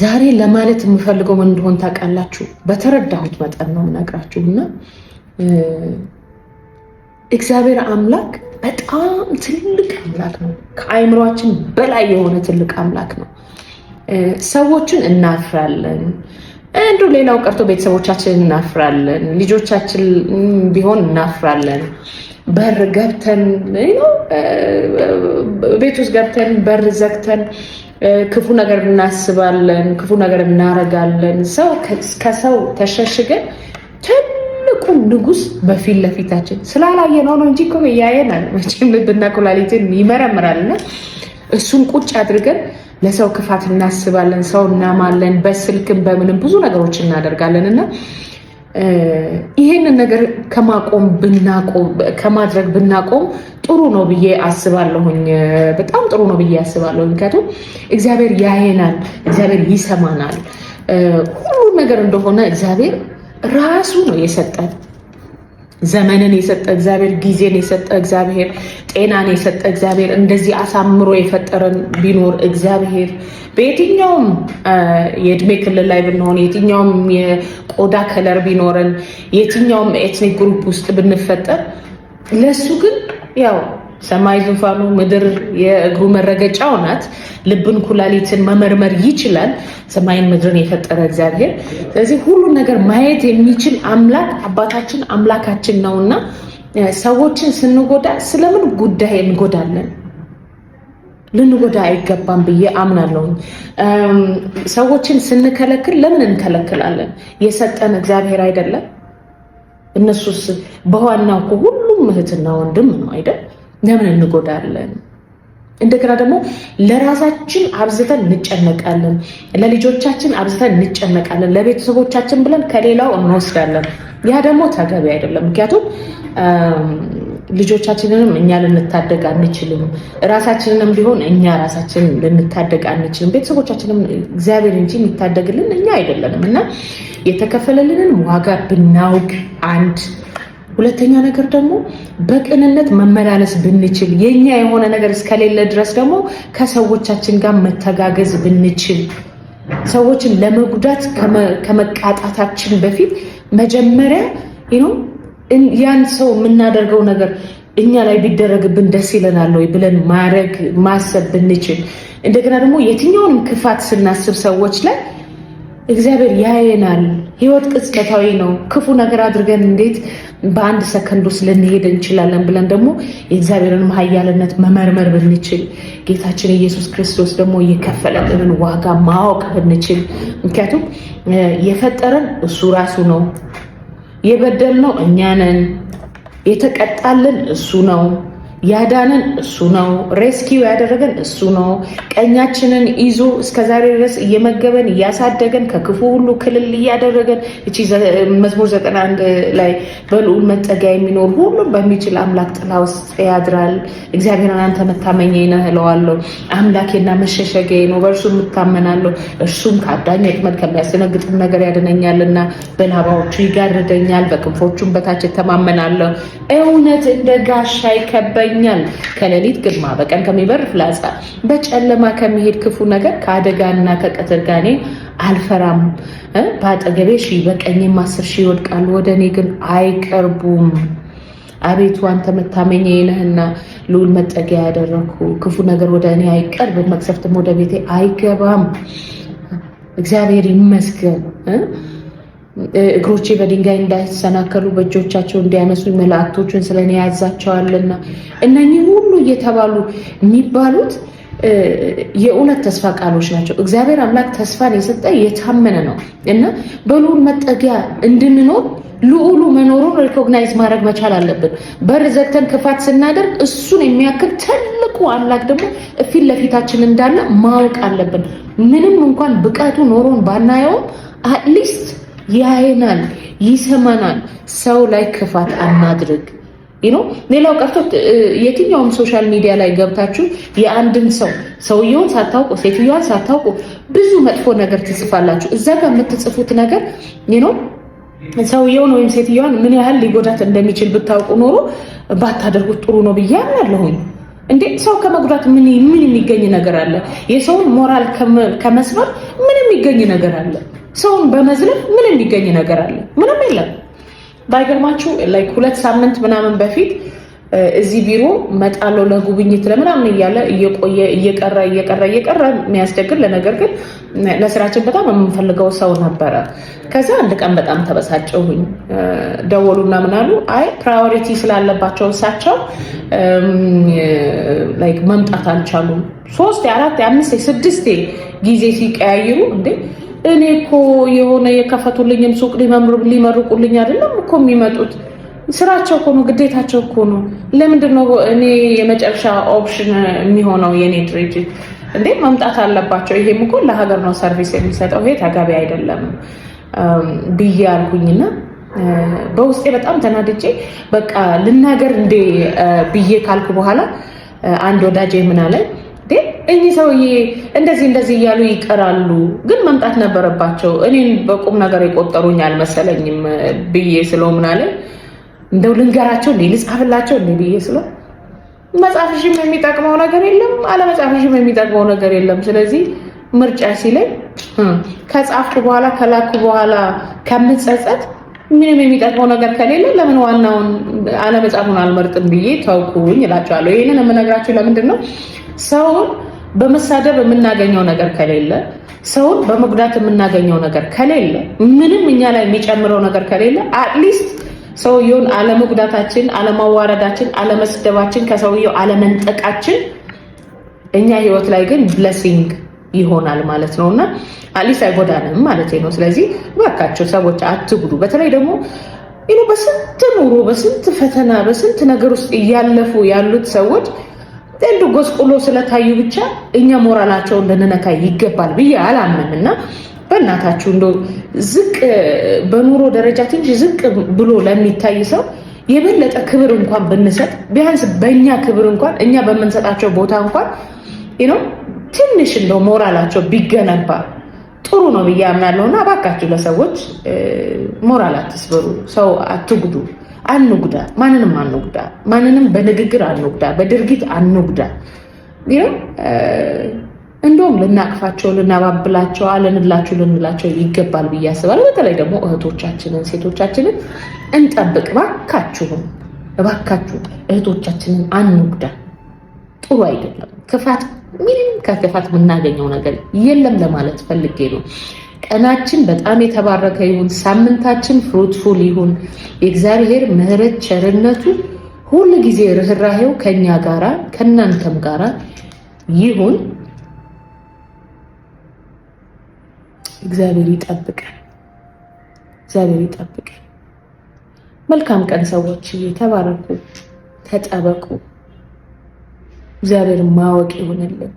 ዛሬ ለማለት የምፈልገው ምን እንደሆን ታውቃላችሁ? በተረዳሁት መጠን ነው የምነግራችሁ እና እግዚአብሔር አምላክ በጣም ትልቅ አምላክ ነው። ከአይምሯችን በላይ የሆነ ትልቅ አምላክ ነው። ሰዎችን እናፍራለን። እንዱ ሌላው ቀርቶ ቤተሰቦቻችን እናፍራለን፣ ልጆቻችን ቢሆን እናፍራለን። በር ገብተን ቤት ውስጥ ገብተን በር ዘግተን ክፉ ነገር እናስባለን፣ ክፉ ነገር እናረጋለን። ሰው ከሰው ተሸሽገን ትልቁ ንጉስ በፊት ለፊታችን ስላላየነው ነው እንጂ ያየናል። መቼም ልብና ኩላሊትን ይመረምራልና እሱን ቁጭ አድርገን ለሰው ክፋት እናስባለን፣ ሰው እናማለን፣ በስልክም በምንም ብዙ ነገሮች እናደርጋለን እና ይሄንን ነገር ከማቆም ከማድረግ ብናቆም ጥሩ ነው ብዬ አስባለሁኝ። በጣም ጥሩ ነው ብዬ አስባለሁ። ምክንያቱም እግዚአብሔር ያየናል፣ እግዚአብሔር ይሰማናል። ሁሉ ነገር እንደሆነ እግዚአብሔር ራሱ ነው የሰጠን። ዘመንን የሰጠ እግዚአብሔር፣ ጊዜን የሰጠ እግዚአብሔር፣ ጤናን የሰጠ እግዚአብሔር፣ እንደዚህ አሳምሮ የፈጠረን ቢኖር እግዚአብሔር በየትኛውም የእድሜ ክልል ላይ ብንሆን፣ የትኛውም የቆዳ ከለር ቢኖረን፣ የትኛውም ኤትኒክ ግሩፕ ውስጥ ብንፈጠር ለእሱ ግን ያው ሰማይ ዙፋኑ፣ ምድር የእግሩ መረገጫው ናት። ልብን ኩላሊትን መመርመር ይችላል ሰማይን ምድርን የፈጠረ እግዚአብሔር። ስለዚህ ሁሉን ነገር ማየት የሚችል አምላክ አባታችን አምላካችን ነው እና ሰዎችን ስንጎዳ ስለምን ጉዳይ እንጎዳለን? ልንጎዳ አይገባም ብዬ አምናለሁ። ሰዎችን ስንከለክል ለምን እንከለክላለን? የሰጠን እግዚአብሔር አይደለም? እነሱስ በዋናው ሁሉም እህትና ወንድም ነው አይደል? ለምን እንጎዳለን? እንደገና ደግሞ ለራሳችን አብዝተን እንጨነቃለን፣ ለልጆቻችን አብዝተን እንጨነቃለን፣ ለቤተሰቦቻችን ብለን ከሌላው እንወስዳለን። ያ ደግሞ ተገቢ አይደለም። ምክንያቱም ልጆቻችንንም እኛ ልንታደግ አንችልም፣ ራሳችንንም ቢሆን እኛ ራሳችን ልንታደግ አንችልም። ቤተሰቦቻችንም እግዚአብሔር እንጂ የሚታደግልን እኛ አይደለንም እና የተከፈለልንን ዋጋ ብናውቅ አንድ ሁለተኛ ነገር ደግሞ በቅንነት መመላለስ ብንችል የኛ የሆነ ነገር እስከሌለ ድረስ ደግሞ ከሰዎቻችን ጋር መተጋገዝ ብንችል ሰዎችን ለመጉዳት ከመቃጣታችን በፊት መጀመሪያ ያን ሰው የምናደርገው ነገር እኛ ላይ ቢደረግብን ደስ ይለናል ወይ ብለን ማድረግ ማሰብ ብንችል እንደገና ደግሞ የትኛውንም ክፋት ስናስብ ሰዎች ላይ እግዚአብሔር ያየናል። ህይወት ቅጽበታዊ ነው። ክፉ ነገር አድርገን እንዴት በአንድ ሰከንድ ውስጥ ልንሄድ እንችላለን ብለን ደግሞ የእግዚአብሔርን ኃያልነት መመርመር ብንችል፣ ጌታችን ኢየሱስ ክርስቶስ ደግሞ የከፈለልንን ዋጋ ማወቅ ብንችል፣ ምክንያቱም የፈጠረን እሱ ራሱ ነው። የበደልነው እኛ ነን። የተቀጣልን እሱ ነው። ያዳንን እሱ ነው። ሬስኪው ያደረገን እሱ ነው። ቀኛችንን ይዞ እስከዛሬ ድረስ እየመገበን እያሳደገን ከክፉ ሁሉ ክልል እያደረገን እቺ መዝሙር 91 ላይ በልዑል መጠጊያ የሚኖር ሁሉም በሚችል አምላክ ጥላ ውስጥ ያድራል። እግዚአብሔር አንተ መታመኛዬ ነህ እለዋለሁ። አምላኬና መሸሸጊያዬ ነው፣ በእርሱ የምታመናለሁ። እርሱም ከአዳኝ ወጥመድ ከሚያስደነግጥም ነገር ያድነኛልና፣ በላባዎቹ ይጋርደኛል፣ በክንፎቹም በታች እተማመናለሁ። እውነት እንደ ጋሻ ይከበኝ ይምረኛል ከሌሊት ግርማ በቀን ከሚበር ፍላጻ በጨለማ ከሚሄድ ክፉ ነገር ከአደጋና ከቀትር ጋኔ አልፈራም። በአጠገቤ ሺ በቀኝም አስር ሺ ይወድቃሉ፣ ወደ እኔ ግን አይቀርቡም። አቤቱ አንተ መታመኛ ነህና ልዑል መጠጊያ ያደረግኩ፣ ክፉ ነገር ወደ እኔ አይቀርብም፣ መቅሰፍትም ወደ ቤቴ አይገባም። እግዚአብሔር ይመስገን። እግሮቼ በድንጋይ እንዳይሰናከሉ በእጆቻቸው እንዲያነሱ መላእክቶቹን ስለኔ ያዛቸዋልና እነኚህ ሁሉ እየተባሉ የሚባሉት የእውነት ተስፋ ቃሎች ናቸው። እግዚአብሔር አምላክ ተስፋን የሰጠ የታመነ ነው እና በልዑል መጠጊያ እንድንኖር ልዑሉ መኖሩን ሪኮግናይዝ ማድረግ መቻል አለብን። በር ዘግተን ክፋት ስናደርግ እሱን የሚያክል ትልቁ አምላክ ደግሞ ፊት ለፊታችን እንዳለ ማወቅ አለብን። ምንም እንኳን ብቃቱ ኖሮን ባናየውም አትሊስት ያይናል፣ ይሰማናል። ሰው ላይ ክፋት አናድርግ። ነው ሌላው ቀርቶ የትኛውም ሶሻል ሚዲያ ላይ ገብታችሁ የአንድን ሰው ሰውየውን ሳታውቁ ሴትዮዋን ሳታውቁ ብዙ መጥፎ ነገር ትጽፋላችሁ። እዛ ጋር የምትጽፉት ነገር ነው ሰውየውን ወይም ሴትዮዋን ምን ያህል ሊጎዳት እንደሚችል ብታውቁ ኖሮ ባታደርጉት ጥሩ ነው ብዬ አምናለሁኝ። እንዴ ሰው ከመጉዳት ምን ምን የሚገኝ ነገር አለ? የሰውን ሞራል ከመስበር ምን የሚገኝ ነገር አለ? ሰውን በመዝለፍ ምን የሚገኝ ነገር አለ? ምንም የለም። ባይገርማችሁ ላይክ ሁለት ሳምንት ምናምን በፊት እዚህ ቢሮ መጣለው ለጉብኝት ለምናምን እያለ እየቆየ እየቀረ እየቀረ እየቀረ የሚያስቸግር ለነገር ግን ለስራችን በጣም የምንፈልገው ሰው ነበረ። ከዛ አንድ ቀን በጣም ተበሳጨሁኝ። ደወሉና ምናሉ አይ ፕራዮሪቲ ስላለባቸው እሳቸው ላይክ መምጣት አልቻሉም። ሶስት አራት አምስት ስድስቴ ጊዜ ሲቀያይሩ እንዴ እኔ እኮ የሆነ የከፈቱልኝም ሱቅ ሊመርቁልኝ አይደለም እኮ የሚመጡት ስራቸው እኮ ነው፣ ግዴታቸው እኮ ነው። ለምንድን ነው እኔ የመጨረሻ ኦፕሽን የሚሆነው? የኔ ድርጅት እንዴ መምጣት አለባቸው። ይሄም እኮ ለሀገር ነው ሰርቪስ የሚሰጠው። ይሄ ተገቢ አይደለም ብዬ አልኩኝና በውስጤ በጣም ተናድጬ በቃ ልናገር እንዴ ብዬ ካልኩ በኋላ አንድ ወዳጄ ምን አለኝ እኚህ ሰውዬ እንደዚህ እንደዚህ እያሉ ይቀራሉ፣ ግን መምጣት ነበረባቸው። እኔን በቁም ነገር የቆጠሩኝ አልመሰለኝም ብዬ ስለው ምናለ እንደው ልንገራቸው እንዴ ልጻፍላቸው እንዴ ብዬ ስለው መጽሐፍሽም የሚጠቅመው ነገር የለም አለመጽሐፍሽም የሚጠቅመው ነገር የለም። ስለዚህ ምርጫ ሲለኝ ከጻፍኩ በኋላ ከላኩ በኋላ ከምጸጸት ምንም የሚጠቅመው ነገር ከሌለ ለምን ዋናውን አለመጽሐፉን አልመርጥም ብዬ ተውኩኝ እላቸዋለሁ። ይህንን የምነግራቸው ለምንድን ነው ሰውን በመሳደብ የምናገኘው ነገር ከሌለ ሰውን በመጉዳት የምናገኘው ነገር ከሌለ ምንም እኛ ላይ የሚጨምረው ነገር ከሌለ አትሊስት ሰውየውን አለመጉዳታችን፣ አለማዋረዳችን፣ አለመስደባችን፣ ከሰውየው አለመንጠቃችን እኛ ህይወት ላይ ግን ብለሲንግ ይሆናል ማለት ነው እና አትሊስት አይጎዳንም ማለት ነው። ስለዚህ እባካቸው ሰዎች አትጉዱ። በተለይ ደግሞ በስንት ኑሮ፣ በስንት ፈተና፣ በስንት ነገር ውስጥ እያለፉ ያሉት ሰዎች እንዱ ጎስቁሎ ስለታዩ ብቻ እኛ ሞራላቸውን ልንነካ ይገባል ብዬ አላምንም እና በእናታችሁ እንደ ዝቅ በኑሮ ደረጃ ትንሽ ዝቅ ብሎ ለሚታይ ሰው የበለጠ ክብር እንኳን ብንሰጥ ቢያንስ በእኛ ክብር እንኳን እኛ በምንሰጣቸው ቦታ እንኳን ነው ትንሽ እንደው ሞራላቸው ቢገነባ ጥሩ ነው ብዬ አምናለሁ እና እባካችሁ ለሰዎች ሞራል አትስበሩ፣ ሰው አትጉዱ። አንጉዳ፣ ማንንም አንጉዳ፣ ማንንም በንግግር አንጉዳ፣ በድርጊት አንጉዳ። ይኸው uh, እንደውም ልናቅፋቸው፣ ልናባብላቸው፣ አለንላቸው ልንላቸው ይገባል ብዬ አስባለሁ። በተለይ ደግሞ እህቶቻችንን፣ ሴቶቻችንን እንጠብቅ። እባካችሁም እባካችሁ እህቶቻችንን አንጉዳ። ጥሩ አይደለም። ክፋት ምንም ከክፋት የምናገኘው ነገር የለም ለማለት ፈልጌ ነው። ቀናችን በጣም የተባረከ ይሁን። ሳምንታችን ፍሩትፉል ይሁን። የእግዚአብሔር ምሕረት ቸርነቱ ሁል ጊዜ ርኅራሄው ከእኛ ጋራ ከእናንተም ጋራ ይሁን። እግዚአብሔር ይጠብቀን። እግዚአብሔር ይጠብቀን። መልካም ቀን ሰዎች፣ ተባረኩ፣ ተጠበቁ። እግዚአብሔር ማወቅ ይሆንልን።